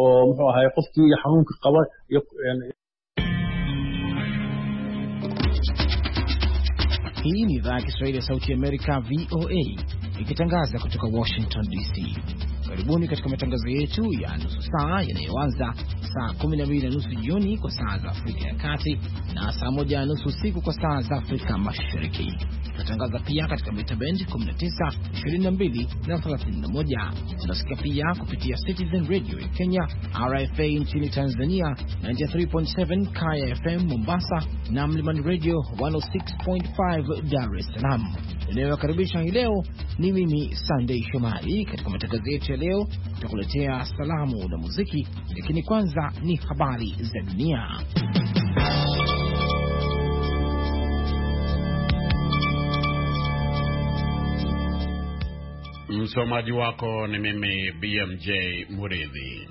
oo muxuu ahay qofkii xanuunka qaba Hii ni idhaa ya Kiswahili ya Sauti ya Amerika, VOA, ikitangaza kutoka Washington DC. Karibuni katika matangazo yetu ya nusu saa yanayoanza saa 12 na nusu jioni kwa saa za Afrika ya Kati na saa 1 na nusu usiku kwa saa za Afrika Mashariki. Tunatangaza pia katika mita bendi 19, 22 na 31. Tunasikia pia kupitia Citizen Radio ya Kenya, RFA nchini Tanzania 93.7, Kaya FM Mombasa na Mlimani Radio 106.5 Dar es Salaam. Inayowakaribisha hii leo ni mimi Sandei Shomari. Katika matangazo yetu leo tutakuletea salamu na muziki, lakini kwanza ni habari za dunia. Msomaji wako ni mimi BMJ Muridhi.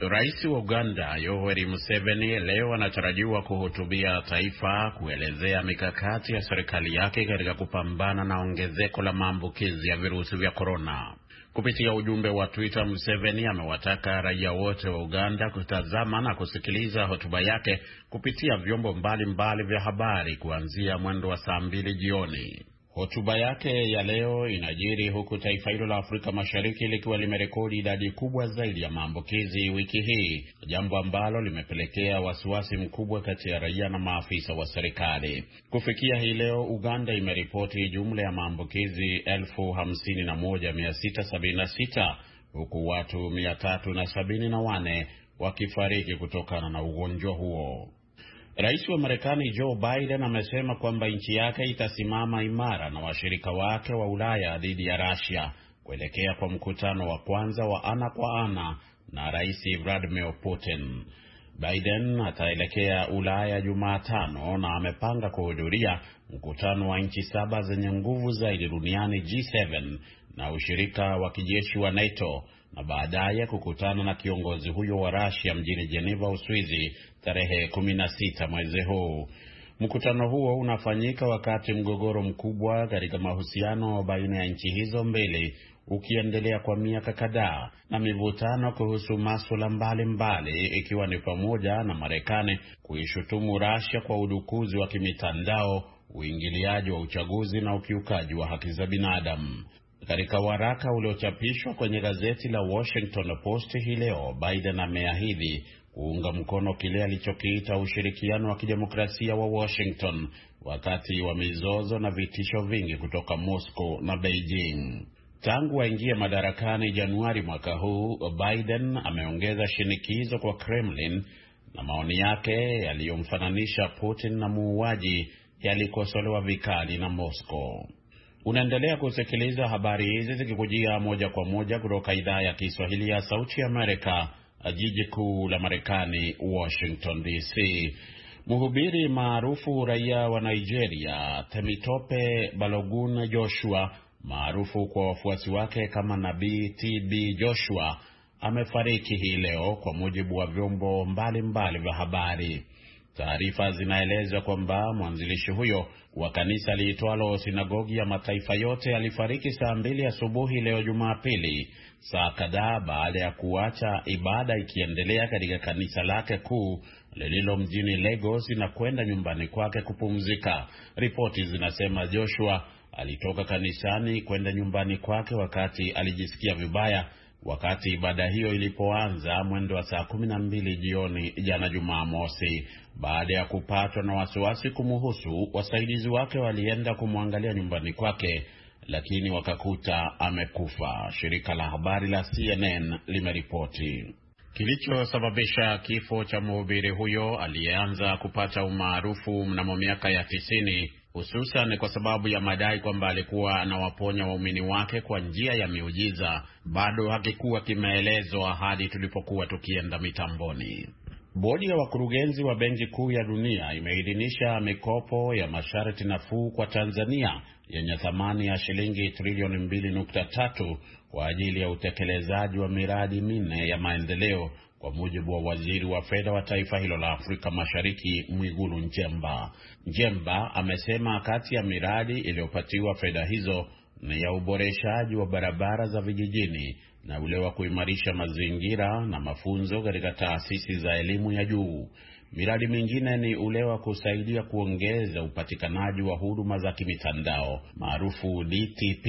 Rais wa Uganda Yoweri Museveni leo anatarajiwa kuhutubia taifa kuelezea mikakati ya serikali yake katika kupambana na ongezeko la maambukizi ya virusi vya korona. Kupitia ujumbe wa Twitter, Museveni amewataka raia wote wa Uganda kutazama na kusikiliza hotuba yake kupitia vyombo mbalimbali mbali vya habari kuanzia mwendo wa saa mbili jioni. Hotuba yake ya leo inajiri huku taifa hilo la Afrika Mashariki likiwa limerekodi idadi kubwa zaidi ya maambukizi wiki hii, jambo ambalo limepelekea wasiwasi mkubwa kati ya raia na maafisa wa serikali. Kufikia hii leo, Uganda imeripoti jumla ya maambukizi 51676 huku watu 374 wakifariki kutokana na ugonjwa huo. Rais wa Marekani Joe Biden amesema kwamba nchi yake itasimama imara na washirika wake wa Ulaya dhidi ya Russia kuelekea kwa mkutano wa kwanza wa ana kwa ana na Rais Vladimir Putin. Biden ataelekea Ulaya Jumatano na amepanga kuhudhuria mkutano wa nchi saba zenye nguvu zaidi duniani G7 na ushirika wa kijeshi wa NATO na baadaye kukutana na kiongozi huyo wa Russia mjini Geneva, Uswizi tarehe sita mwezi huu. Mkutano huo unafanyika wakati mgogoro mkubwa katika mahusiano baina ya nchi hizo mbili ukiendelea kwa miaka kadhaa na mivutano kuhusu maswala mbalimbali, ikiwa ni pamoja na Marekani kuishutumu Russia kwa udukuzi wa kimitandao, uingiliaji wa uchaguzi na ukiukaji wa haki za binadamu. Katika waraka uliochapishwa kwenye gazeti la Washington Post hii leo, Biden ameahidi kuunga mkono kile alichokiita ushirikiano wa kidemokrasia wa Washington wakati wa mizozo na vitisho vingi kutoka Moscow na Beijing. Tangu aingie madarakani Januari mwaka huu, Biden ameongeza shinikizo kwa Kremlin na maoni yake yaliyomfananisha Putin na muuaji yalikosolewa vikali na Moscow. Unaendelea kusikiliza habari hizi zikikujia moja kwa moja kutoka idhaa ya Kiswahili ya Sauti ya Amerika jiji kuu la Marekani, Washington DC. Mhubiri maarufu raia wa Nigeria Temitope Balogun Joshua, maarufu kwa wafuasi wake kama Nabii TB Joshua, amefariki hii leo, kwa mujibu wa vyombo mbalimbali vya habari. Taarifa zinaeleza kwamba mwanzilishi huyo wa kanisa liitwalo Sinagogi ya Mataifa Yote alifariki saa mbili asubuhi leo Jumapili saa kadhaa baada ya kuacha ibada ikiendelea katika kanisa lake kuu lililo mjini Lagos na kwenda nyumbani kwake kupumzika. Ripoti zinasema Joshua alitoka kanisani kwenda nyumbani kwake wakati alijisikia vibaya wakati ibada hiyo ilipoanza mwendo wa saa kumi na mbili jioni jana Jumamosi. Baada ya kupatwa na wasiwasi kumuhusu, wasaidizi wake walienda kumwangalia nyumbani kwake lakini wakakuta amekufa, shirika la habari la CNN limeripoti. Kilichosababisha kifo cha mhubiri huyo aliyeanza kupata umaarufu mnamo miaka ya tisini, hususan kwa sababu ya madai kwamba alikuwa anawaponya waumini wake kwa njia ya miujiza, bado hakikuwa kimeelezwa hadi tulipokuwa tukienda mitamboni. Bodi ya wakurugenzi wa Benki Kuu ya Dunia imeidhinisha mikopo ya masharti nafuu kwa Tanzania yenye thamani ya shilingi trilioni 2.3 kwa ajili ya utekelezaji wa miradi minne ya maendeleo, kwa mujibu wa waziri wa fedha wa taifa hilo la Afrika Mashariki, Mwigulu njemba njemba amesema kati ya miradi iliyopatiwa fedha hizo ya uboreshaji wa barabara za vijijini na ule wa kuimarisha mazingira na mafunzo katika taasisi za elimu ya juu. Miradi mingine ni ule wa kusaidia kuongeza upatikanaji wa huduma za kimitandao maarufu DTP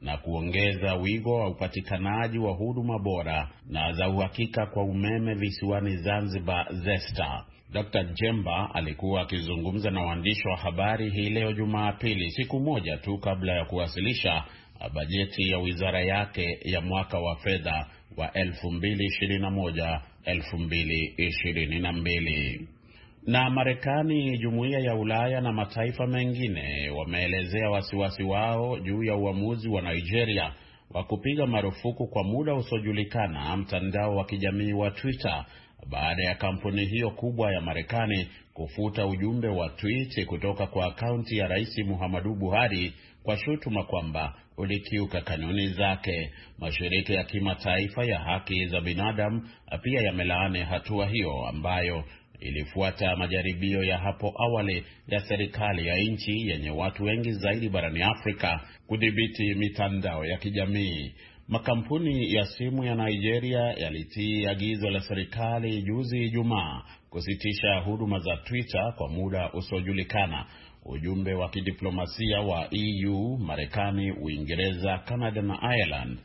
na kuongeza wigo wa upatikanaji wa huduma bora na za uhakika kwa umeme visiwani Zanzibar, ZESTA. Dr. Jemba alikuwa akizungumza na waandishi wa habari hii leo Jumapili, siku moja tu kabla ya kuwasilisha bajeti ya wizara yake ya mwaka wa fedha wa 2021 2022. Na Marekani, jumuiya ya Ulaya na mataifa mengine wameelezea wasiwasi wao juu ya uamuzi wa Nigeria wa kupiga marufuku kwa muda usiojulikana mtandao wa kijamii wa Twitter baada ya kampuni hiyo kubwa ya Marekani kufuta ujumbe wa tweet kutoka kwa akaunti ya Rais Muhammadu Buhari kwa shutuma kwamba ulikiuka kanuni zake. Mashirika ya kimataifa ya haki za binadamu pia yamelaani hatua hiyo ambayo ilifuata majaribio ya hapo awali ya serikali ya nchi yenye watu wengi zaidi barani Afrika kudhibiti mitandao ya kijamii. Makampuni ya simu ya Nigeria yalitii agizo la serikali juzi Ijumaa kusitisha huduma za Twitter kwa muda usiojulikana. Ujumbe wa kidiplomasia wa EU, Marekani, Uingereza, Canada na Ireland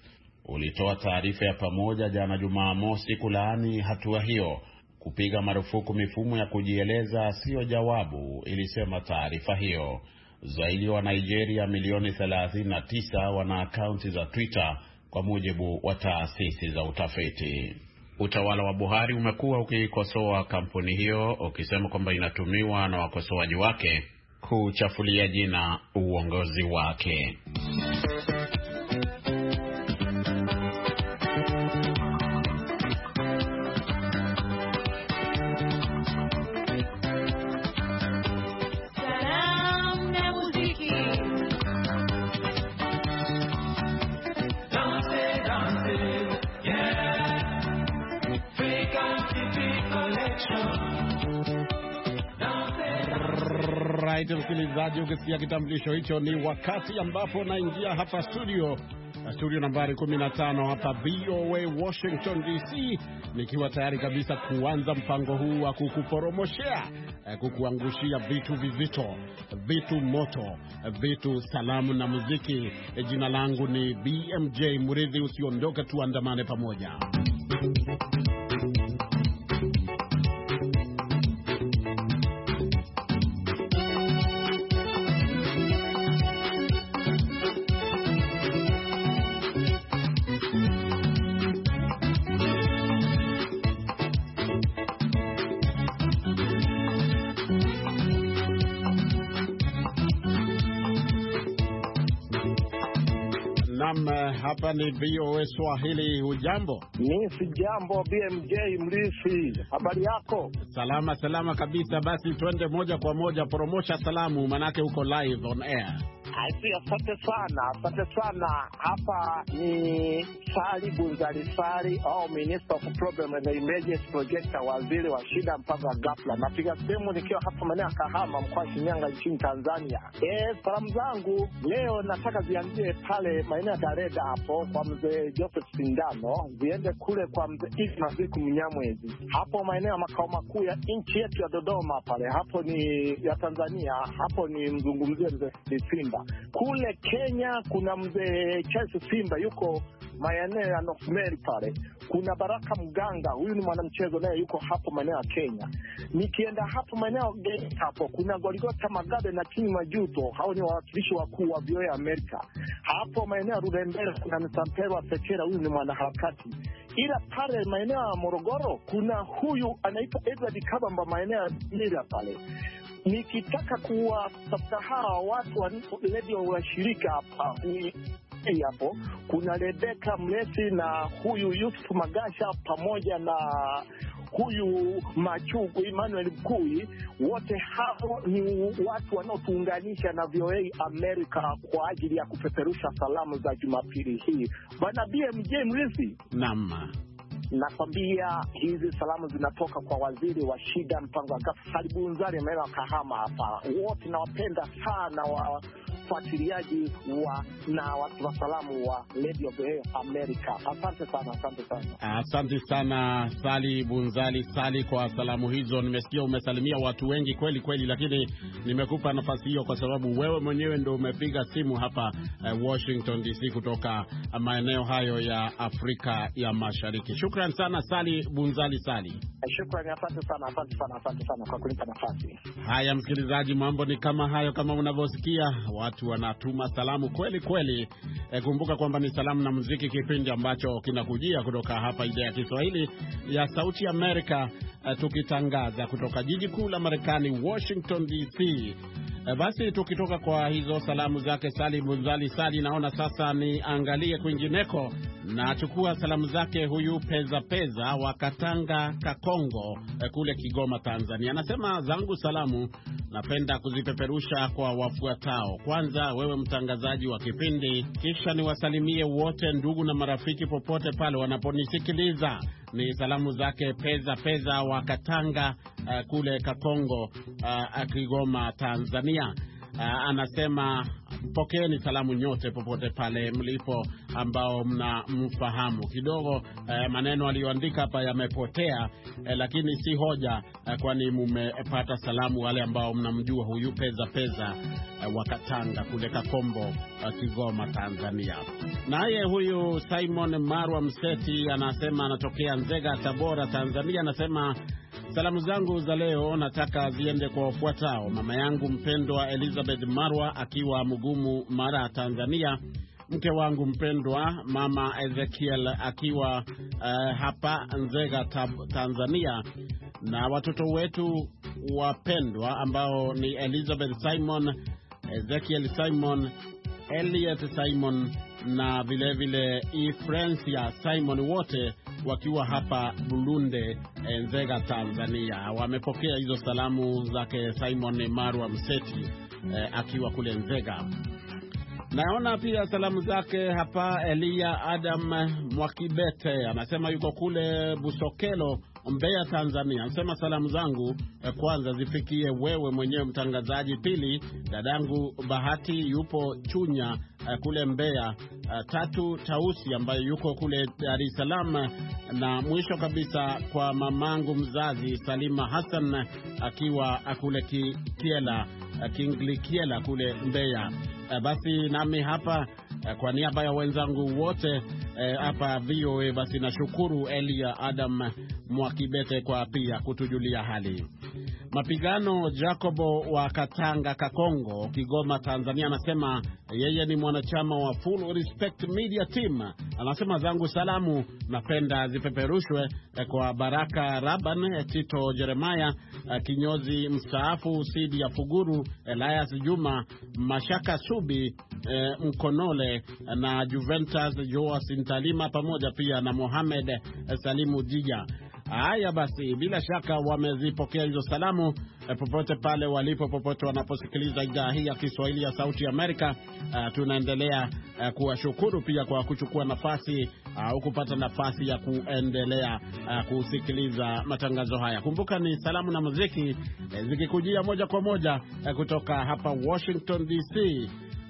ulitoa taarifa ya pamoja jana Jumamosi kulaani hatua hiyo. Kupiga marufuku mifumo ya kujieleza siyo jawabu, ilisema taarifa hiyo. Zaidi wa Nigeria milioni 39 wana akaunti za Twitter kwa mujibu wa taasisi za utafiti. Utawala wa Buhari umekuwa ukikosoa kampuni hiyo ukisema kwamba inatumiwa na wakosoaji wake kuchafulia jina uongozi wake. msikilizaji, ukisikia kitambulisho hicho ni wakati ambapo naingia hapa studio studio nambari 15 hapa VOA Washington DC, nikiwa tayari kabisa kuanza mpango huu wa kukuporomoshea, eh, kukuangushia vitu vizito, vitu moto, vitu salamu na muziki. Eh, jina langu ni BMJ mridhi usiondoke, tuandamane pamoja Hapa ni VOA Swahili. Hujambo? Ni si jambo, BMJ Mrithi, habari yako? Salama salama kabisa. Basi twende moja kwa moja, promosha salamu, manake uko live on air. Asi, asante sana, asante sana. Hapa ni Sali Bunzali Sali au Minister of Problem and Emergency Project, waziri wa shida mpaka ghafla. Napiga simu nikiwa hapa maeneo ya Kahama, mkoa wa Shinyanga, nchini Tanzania. E, salamu zangu leo nataka zianzie pale maeneo ya Dareda hapo kwa mzee Joseph Sindano, ziende kule kwa mzee Isma Maziku Mnyamwezi, hapo maeneo ya makao makuu ya nchi yetu ya Dodoma pale, hapo ni ya Tanzania, hapo ni mzungumzie mzee Simba kule Kenya kuna mzee Charles Simba yuko maeneo ya Northmeri pale. Kuna Baraka Mganga, huyu ni mwanamchezo naye yuko hapo maeneo ya Kenya. Nikienda hapo maeneo hapo, kuna Goligota Magabe na Kini Majuto, hao ni wawakilishi wakuu wa VOA ya Amerika. Hapo maeneo ya Rurembera kuna Msampero wa Pekera, huyu ni mwanaharakati ila pale maeneo ya Morogoro kuna huyu anaitwa Edward Kabamba maeneo ya Nyeri pale nikitaka kuwatafuta hawa watu wa redio washirika hapa ni hapo kuna Rebeka Mlesi na huyu Yusuf Magasha pamoja na huyu Machuku Emmanuel Mkui, wote hao ni watu wanaotuunganisha na VOA America kwa ajili ya kupeperusha salamu za Jumapili hii, bwana BMJ Mrisi. Naam. Nakwambia hizi salamu zinatoka kwa waziri wa shida mpango wa kafu Salibunzari maeneo ya Kahama hapa. Wote nawapenda sana wa mfuatiliaji wa na wasalamu wa Radio America. Asante sana, asante sana, asante sana Sali Bunzali Sali kwa salamu hizo. Nimesikia umesalimia watu wengi kweli kweli, lakini nimekupa nafasi hiyo kwa sababu wewe mwenyewe ndio umepiga simu hapa eh, Washington DC kutoka maeneo hayo ya Afrika ya Mashariki. Shukran sana Sali Bunzali Sali. Eh, Shukrani, asante sana, asante sana, asante sana kwa kunipa nafasi. Haya msikilizaji, mambo ni kama hayo, kama unavyosikia watu watu wanatuma salamu kweli kweli. E, kumbuka kwamba ni salamu na muziki, kipindi ambacho kinakujia kutoka hapa idhaa ya Kiswahili ya Sauti Amerika, e, tukitangaza kutoka jiji kuu la Marekani, Washington DC. E, basi tukitoka kwa hizo salamu zake Sali Bunzali Sali, naona sasa niangalie kwingineko na chukua salamu zake huyu Peza Peza wa Katanga Kakongo e, kule Kigoma, Tanzania. Anasema zangu salamu napenda kuzipeperusha kwa wafuatao. Kwanza wewe mtangazaji wa kipindi, kisha niwasalimie wote ndugu na marafiki popote pale wanaponisikiliza. Ni salamu zake Peza Peza wa Katanga uh, kule Kakongo uh, Kigoma, Tanzania uh, anasema pokeeni salamu nyote popote pale mlipo ambao mnamfahamu kidogo. Uh, maneno aliyoandika hapa yamepotea uh, lakini si hoja uh, kwani mmepata salamu wale ambao mnamjua huyu Peza Peza uh, wa Katanga kule Kakombo uh, Kigoma, Tanzania. Naye huyu Simon Marwa Mseti anasema anatokea Nzega, Tabora, Tanzania, anasema Salamu zangu za leo nataka ziende kwa wafuatao: mama yangu mpendwa Elizabeth Marwa akiwa Mugumu, Mara, Tanzania, mke wangu mpendwa mama Ezekiel akiwa uh, hapa Nzega, Tanzania, na watoto wetu wapendwa ambao ni Elizabeth Simon, Ezekiel Simon, Elliot Simon na vilevile Ifrencia e Simon wote wakiwa hapa Bulunde, eh, Nzega, Tanzania. Wamepokea hizo salamu zake Simon Marwa Mseti eh, akiwa kule Nzega. Naona pia salamu zake hapa. Eliya Adam Mwakibete anasema yuko kule Busokelo, Mbeya, Tanzania. Anasema salamu zangu eh, kwanza zifikie wewe mwenyewe mtangazaji, pili dadangu Bahati yupo Chunya eh, kule Mbeya, eh, tatu Tausi ambayo yuko kule Dar es Salaam, na mwisho kabisa kwa mamangu mzazi Salima Hassan akiwa kule Kiela Kinglikiela kule Mbeya. Eh, basi nami hapa eh, kwa niaba ya wenzangu wote eh, hapa VOA basi nashukuru Elia Adam Mwakibete kwa pia kutujulia hali mapigano. Jacobo wa Katanga Kakongo, Kigoma, Tanzania, anasema yeye ni mwanachama wa Full Respect Media Team. Anasema zangu salamu napenda zipeperushwe eh, kwa Baraka Raban, eh, Tito Jeremaya eh, kinyozi mstaafu, Sidi ya Fuguru, Elias Juma, Mashaka Subi, Mkonole na Juventus Joas Ntalima, pamoja pia na Mohamed Salimu Jija. Haya basi, bila shaka wamezipokea hizo salamu eh, popote pale walipo, popote wanaposikiliza idhaa hii ya Kiswahili ya Sauti Amerika. Uh, tunaendelea uh, kuwashukuru pia kwa kuchukua nafasi au uh, kupata nafasi ya kuendelea uh, kusikiliza matangazo haya. Kumbuka ni salamu na muziki uh, zikikujia moja kwa moja uh, kutoka hapa Washington DC.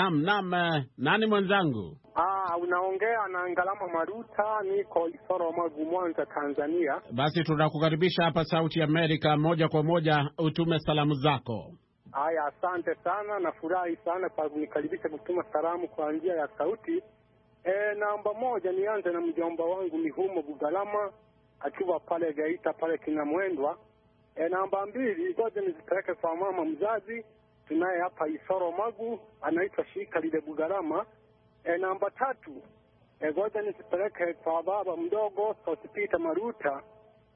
Nam, nam, eh, nani mwenzangu? Ah, unaongea na Ngalama Maruta, niko Isoro Magu, Mwanza, Tanzania. Basi tunakukaribisha hapa Sauti Amerika moja kwa moja, utume salamu zako. Haya, asante sana, nafurahi sana kwa kunikaribisha kutuma salamu kwa njia ya sauti. E, namba moja nianze na mjomba wangu Mihumo Bugalama akiwa pale gaita pale Kinamwendwa. E, namba mbili zote nizipeleke kwa mama mzazi tunaye hapa Isoro Magu, anaitwa shirika lile Bugarama. E, eh, namba tatu e, ngoja nisipeleke kwa baba mdogo Sosipita Maruta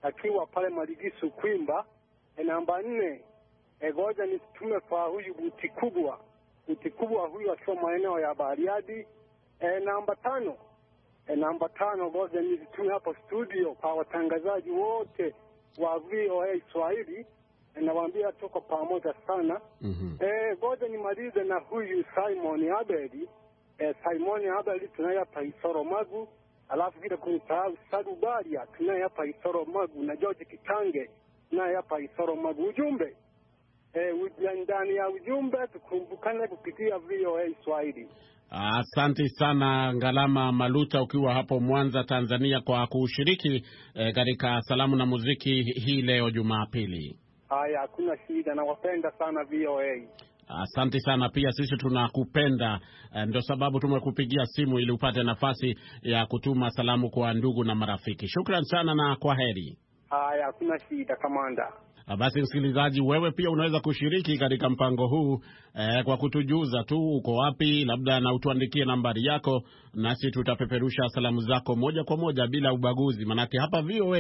akiwa pale Maligisu Kwimba. E, namba nne e, ngoja nisitume kwa huyu buti kubwa buti kubwa huyu akiwa maeneo ya Bariadi. E, namba tano e, namba tano goja nizitume hapo studio kwa watangazaji wote wa VOA Swahili ninawaambia tuko pamoja sana. mm -hmm. E, ngoja nimalize na huyu Simon Abeli E, eh, Simon Abeli tunaye hapa Isoro Magu, alafu vile kunisahau Sarubaria tunaye hapa Isoro Magu na George Kitange tunaye hapa Isoro Magu. Ujumbe e, ndani ya ujumbe tukumbukane kupitia VOA Swahili. Asante sana Ngalama Maluta, ukiwa hapo Mwanza, Tanzania, kwa kushiriki katika salamu na muziki hii leo Jumapili. Haya, hakuna shida, nawapenda sana VOA. Asante sana, pia sisi tunakupenda. Eh, ndio sababu tumekupigia simu ili upate nafasi ya kutuma salamu kwa ndugu na marafiki. Shukran sana na kwa heri. Haya, hakuna shida, kamanda. Ah, basi msikilizaji, wewe pia unaweza kushiriki katika mpango huu eh, kwa kutujuza tu uko wapi, labda na utuandikie nambari yako, nasi tutapeperusha salamu zako moja kwa moja bila ubaguzi, manake hapa VOA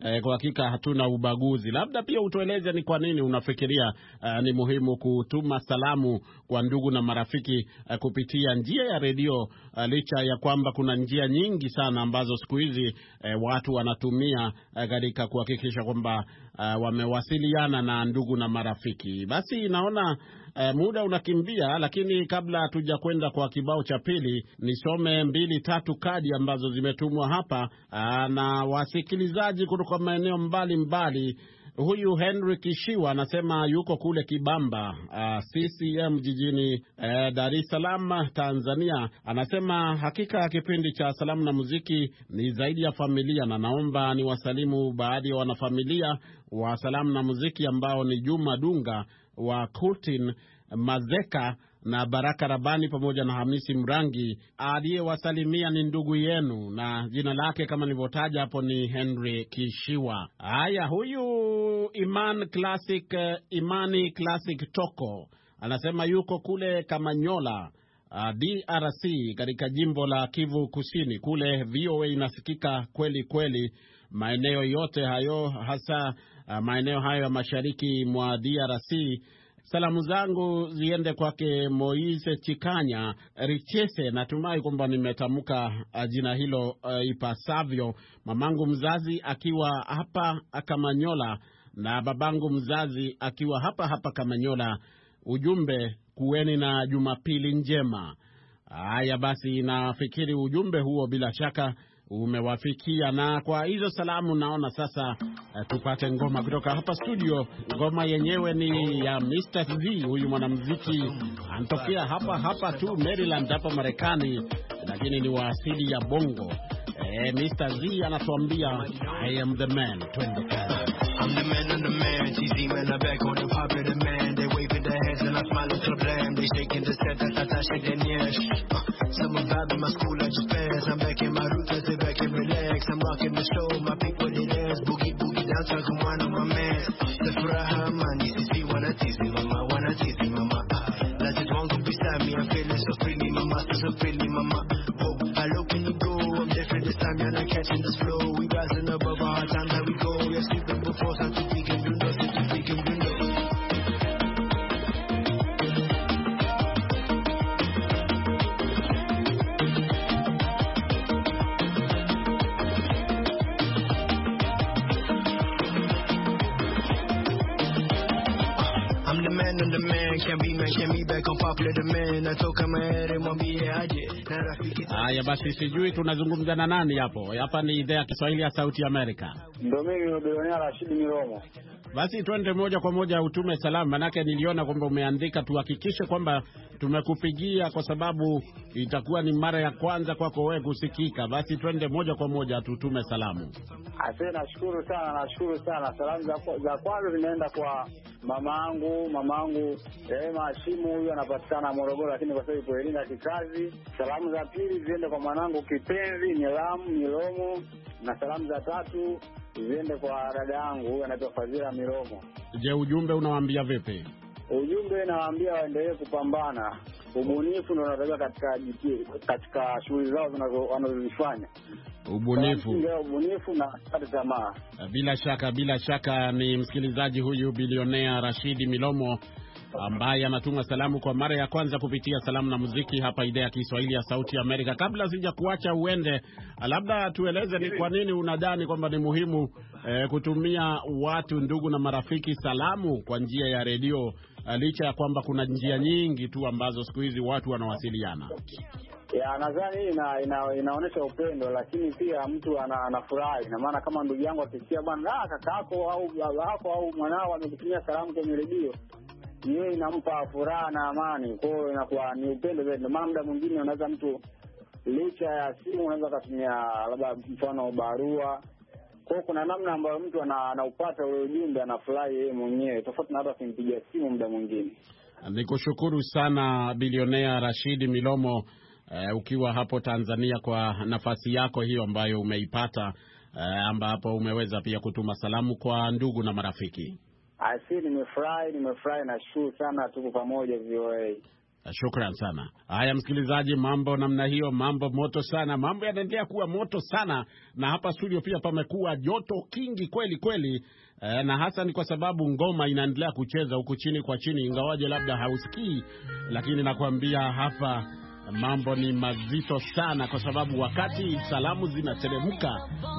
eh, kwa hakika hatuna ubaguzi. Labda pia utueleze ni kwa nini unafikiria eh, ni muhimu kutuma salamu kwa ndugu na marafiki eh, kupitia njia ya redio eh, licha ya kwamba kuna njia nyingi sana ambazo siku hizi eh, watu wanatumia eh, katika eh, kuhakikisha kwamba uh, wamewasiliana na ndugu na marafiki. Basi naona uh, muda unakimbia, lakini kabla hatuja kwenda kwa kibao cha pili, nisome mbili tatu kadi ambazo zimetumwa hapa uh, na wasikilizaji kutoka maeneo mbalimbali. Huyu Henry Kishiwa anasema yuko kule Kibamba, uh, CCM jijini uh, Dar es Salaam, Tanzania. Anasema hakika kipindi cha salamu na muziki ni zaidi ya familia, na naomba niwasalimu baadhi ya wanafamilia wa salamu na muziki ambao ni Juma Dunga wa Kultin Mazeka na Baraka Rabani pamoja na Hamisi Mrangi. Aliyewasalimia ni ndugu yenu na jina lake kama nilivyotaja hapo ni Henry Kishiwa. Haya, huyu Iman Classic, eh, Imani Classic Toko anasema yuko kule Kamanyola ah, DRC katika jimbo la Kivu Kusini. Kule VOA inasikika kweli kweli maeneo yote hayo, hasa Uh, maeneo hayo ya mashariki mwa DRC. Salamu zangu ziende kwake Moise Chikanya Richese, natumai kwamba nimetamka uh, jina hilo uh, ipasavyo. Mamangu mzazi akiwa hapa Kamanyola na babangu mzazi akiwa hapa hapa Kamanyola. Ujumbe, kuweni na Jumapili njema. Haya basi, nafikiri ujumbe huo bila shaka umewafikia. Na kwa hizo salamu, naona sasa uh, tupate ngoma kutoka hapa studio. Ngoma yenyewe ni ya Mr. V, huyu mwanamuziki anatokea hapa hapa tu Maryland, hapa Marekani, lakini ni wa asili ya Bongo. Eh, Mr. V anatuambia I am the man. Twende I'm the man and the man. She's even a back on the popular man. They waving their hands and I smile to them. They shaking the set that I shake their yes. Uh, some of vibe in my school I just passed. I'm back in show my people the dance. Boogie boogie dance, like one on my man. The Praha man, yeah. the man can be man can be back on popular Natoka mwambie aje na rafiki. Haya basi, sijui tunazungumza na nani hapo? Hapa ni idhaa ya Kiswahili ya Sauti ya Amerika. Ndio mimi Rashidi Miromo. Basi twende moja kwa moja utume salamu, manake niliona kwamba umeandika tuhakikishe kwamba tumekupigia kwa sababu itakuwa ni mara ya kwanza kwako wewe kusikika. Basi twende moja kwa moja tutume salamu. Asante, nashukuru sana, nashukuru sana. Salamu za kwanza zimeenda kwa mama mama mamaangu Rehema Hashimu, huyu anapatikana Morogoro, lakini kwa sababu ipo kikazi. Salamu za pili ziende kwa mwanangu kipenzi Nilamu Nilomo, na salamu za tatu ziende kwa dada yangu huyu anaitwa Fadhila Miromo. Je, ujumbe unawaambia vipi? Ujumbe nawaambia waendelee kupambana, ubunifu ndio unatakiwa katika katika shughuli zao wanazozifanya, ubunifu ndio ubunifu na kata tamaa. Bila shaka, bila shaka ni msikilizaji huyu bilionea Rashidi Milomo ambaye anatuma salamu kwa mara ya kwanza kupitia salamu na muziki hapa idhaa ya Kiswahili ya Sauti ya Amerika. Kabla sija kuacha uende, labda tueleze ni kwa nini unadhani kwamba ni muhimu eh, kutumia watu ndugu na marafiki salamu kwa njia ya redio eh, licha ya kwamba kuna njia nyingi tu ambazo siku hizi watu wanawasiliana. Ya, nadhani hii ina, ina, inaonyesha upendo, lakini pia mtu ana, anafurahi. Ina maana kama ndugu yangu akisikia bwana ah, kakaako au yako au mwanao amekutumia salamu kwenye redio, yeye inampa furaha na amani, kwa hiyo inakuwa ni upendo zaidi. Ndio maana muda mwingine unaweza mtu licha ya simu unaweza ukatumia labda mfano barua kwao. Kuna namna ambayo mtu anaupata ule ujumbe anafurahi yeye mwenyewe, tofauti na hata akimpigia simu muda mwingine. ni kushukuru sana bilionea Rashidi Milomo uh, ukiwa hapo Tanzania kwa nafasi yako hiyo ambayo umeipata uh, eh, ambapo umeweza pia kutuma salamu kwa ndugu na marafiki. Asi, nimefurahi, nimefurahi, nashukuru sana, tuko pamoja VOA. Shukran sana. Haya, msikilizaji, mambo namna hiyo, mambo moto sana, mambo yanaendelea kuwa moto sana, na hapa studio pia pamekuwa joto kingi kweli kweli, eh, na hasa ni kwa sababu ngoma inaendelea kucheza huku chini kwa chini, ingawaje labda hausikii, lakini nakwambia hapa mambo ni mazito sana, kwa sababu wakati salamu zinateremka,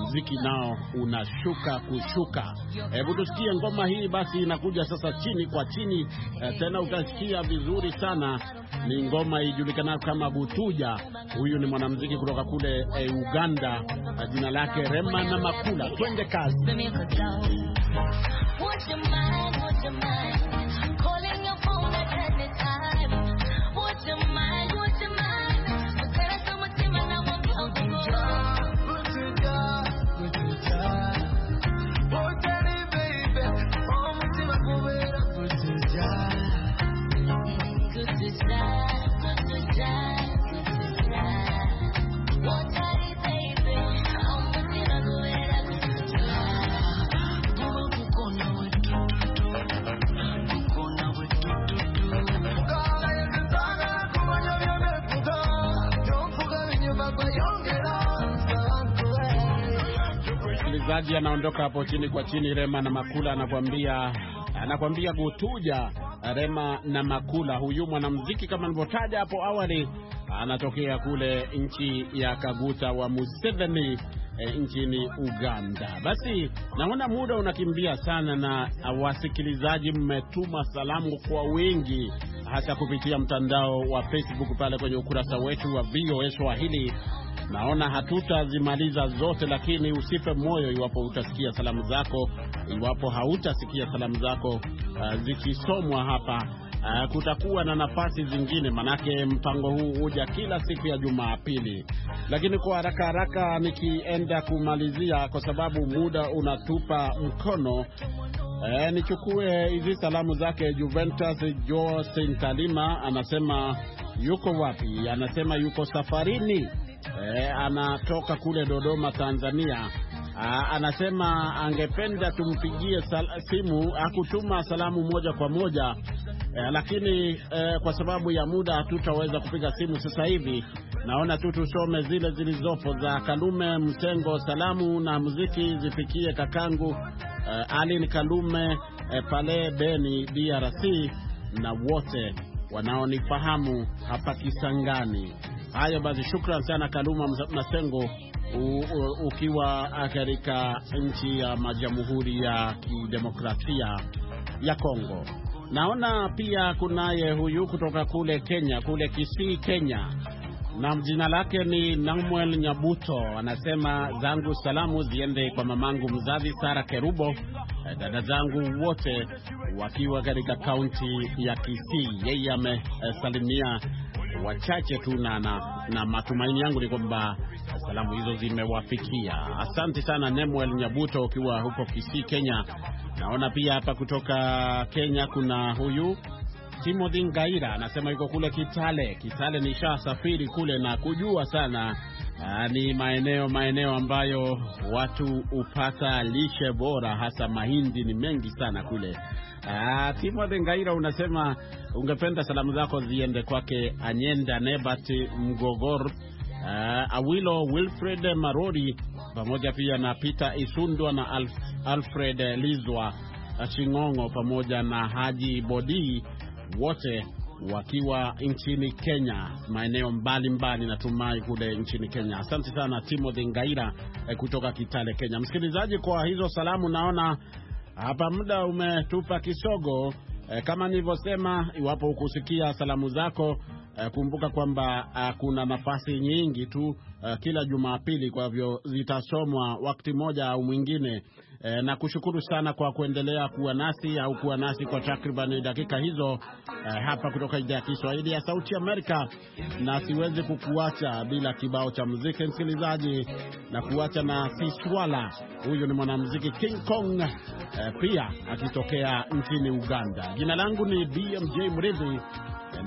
mziki nao unashuka kushuka. Hebu tusikie ngoma hii basi, inakuja sasa chini kwa chini, eh, tena utasikia vizuri sana. Ni ngoma ijulikanayo kama Butuja. Huyu ni mwanamziki kutoka kule e, Uganda, jina lake Rema na Makula. Twende kazi. anaondoka hapo chini kwa chini. Rema na Makula anakuambia anakuambia gutuja. Rema na Makula, huyu mwanamuziki kama nilivyotaja hapo awali, anatokea kule nchi ya Kaguta wa Museveni e, nchini Uganda. Basi naona muda unakimbia sana, na wasikilizaji mmetuma salamu kwa wingi hata kupitia mtandao wa Facebook pale kwenye ukurasa wetu wa VOA Swahili. Naona hatutazimaliza zote, lakini usife moyo iwapo utasikia salamu zako, iwapo hautasikia salamu zako uh, zikisomwa hapa uh, kutakuwa na nafasi zingine, manake mpango huu huja kila siku ya Jumapili. Lakini kwa haraka haraka nikienda kumalizia, kwa sababu muda unatupa mkono Eh, nichukue hizi salamu zake. Juventus Josin Kalima anasema yuko wapi? Anasema yuko safarini. eh, anatoka kule Dodoma, Tanzania. A, ah, anasema angependa tumpigie sal simu akutuma salamu moja kwa moja eh, lakini eh, kwa sababu ya muda hatutaweza kupiga simu sasa hivi. Naona tu tusome zile zilizopo za Kalume Mtengo. Salamu na muziki zifikie kakangu uh, eh, Alin Kalume uh, eh, pale Beni DRC na wote wanaonifahamu hapa Kisangani. Hayo basi, shukran sana Kaluma Masengo ukiwa eh, katika nchi ya Majamhuri ya Kidemokrasia ya Kongo. Naona pia kunaye huyu kutoka kule Kenya, kule Kisii, Kenya. Nam, jina lake ni Namuel Nyabuto, anasema zangu salamu ziende kwa mamangu mzazi Sara Kerubo, eh, dada zangu wote wakiwa katika kaunti ya Kisii. Yeye amesalimia wachache tu na, na, na matumaini yangu ni kwamba salamu hizo zimewafikia. Asante sana Nemuel Nyabuto, ukiwa huko Kisii, Kenya. Naona pia hapa kutoka Kenya kuna huyu Timothy Ngaira anasema yuko kule Kitale. Kitale nishasafiri kule na kujua sana Aa, ah, ni maeneo maeneo ambayo watu hupata lishe bora, hasa mahindi ni mengi sana kule. Ah, Timothy Ngaira unasema ungependa salamu zako ziende kwake Anyenda Nebat Mgogor, Aa, ah, Awilo Wilfred Marori pamoja pia na Peter Isundwa na Alf, Alfred Lizwa Shing'ong'o pamoja na Haji Bodii wote wakiwa nchini Kenya, maeneo mbalimbali, natumai kule nchini Kenya. Asante sana Timothy Ngaira eh, kutoka Kitale, Kenya. Msikilizaji, kwa hizo salamu, naona hapa muda umetupa kisogo. Eh, kama nilivyosema, iwapo hukusikia salamu zako, eh, kumbuka kwamba kuna nafasi nyingi tu kila Jumapili, kwa hivyo zitasomwa wakati mmoja au mwingine e, na kushukuru sana kwa kuendelea kuwa nasi au kuwa nasi kwa takriban dakika hizo e, hapa kutoka idhaa ya Kiswahili ya Sauti Amerika, na siwezi kukuacha bila kibao cha muziki msikilizaji, na kuacha na Siswala. Huyu ni mwanamuziki King Kong e, pia akitokea nchini Uganda. Jina langu ni BMJ Mridhi.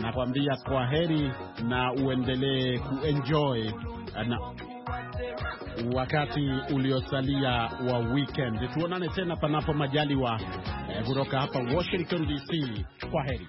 Nakwambia kwa heri na uendelee kuenjoy na wakati uliosalia wa weekend. Tuonane tena panapo majaliwa eh, kutoka hapa Washington DC. Kwa heri.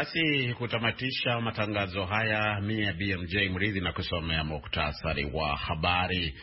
Basi kutamatisha matangazo haya, mie BMJ Mridhi na kusomea muktasari wa habari.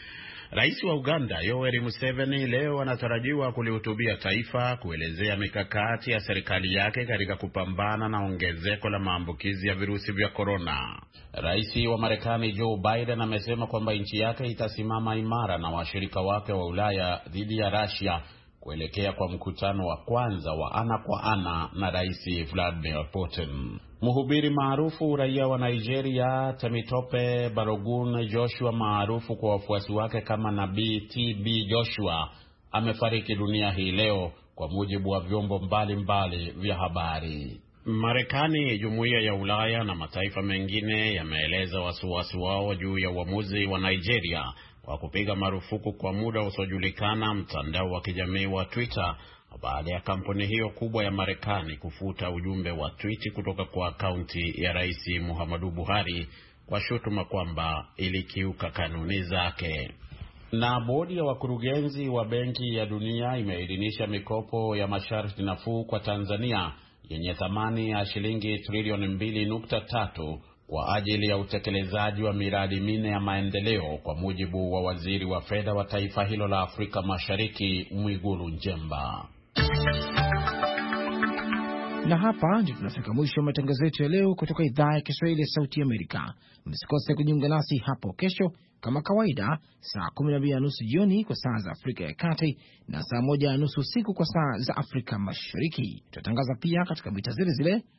Rais wa Uganda Yoweri Museveni leo anatarajiwa kulihutubia taifa kuelezea mikakati ya serikali yake katika kupambana na ongezeko la maambukizi ya virusi vya korona. Rais wa Marekani Joe Biden amesema kwamba nchi yake itasimama imara na washirika wake wa Ulaya dhidi ya Russia kuelekea kwa mkutano wa kwanza wa ana kwa ana na Rais Vladimir Putin. Mhubiri maarufu raia wa Nigeria Temitope Barogun Joshua maarufu kwa wafuasi wake kama Nabii TB Joshua amefariki dunia hii leo kwa mujibu wa vyombo mbalimbali vya habari. Marekani, Jumuiya ya Ulaya na mataifa mengine yameeleza wasiwasi wao juu ya uamuzi wa Nigeria kwa kupiga marufuku kwa muda usiojulikana mtandao wa kijamii wa Twitter baada ya kampuni hiyo kubwa ya Marekani kufuta ujumbe wa twiti kutoka kwa akaunti ya Rais Muhammadu Buhari kwa shutuma kwamba ilikiuka kanuni zake. Na bodi ya wakurugenzi wa Benki ya Dunia imeidhinisha mikopo ya masharti nafuu kwa Tanzania yenye thamani ya shilingi trilioni mbili nukta tatu kwa ajili ya utekelezaji wa miradi minne ya maendeleo, kwa mujibu wa waziri wa fedha wa taifa hilo la Afrika Mashariki, Mwigulu Njemba. Na hapa ndio tunafika mwisho wa matangazo yetu ya leo kutoka idhaa ya Kiswahili ya Sauti Amerika. Msikose kujiunga nasi hapo kesho kama kawaida, saa 12 na nusu jioni kwa saa za Afrika ya Kati na saa 1 na nusu usiku kwa saa za Afrika Mashariki. Tutatangaza pia katika mita zile zile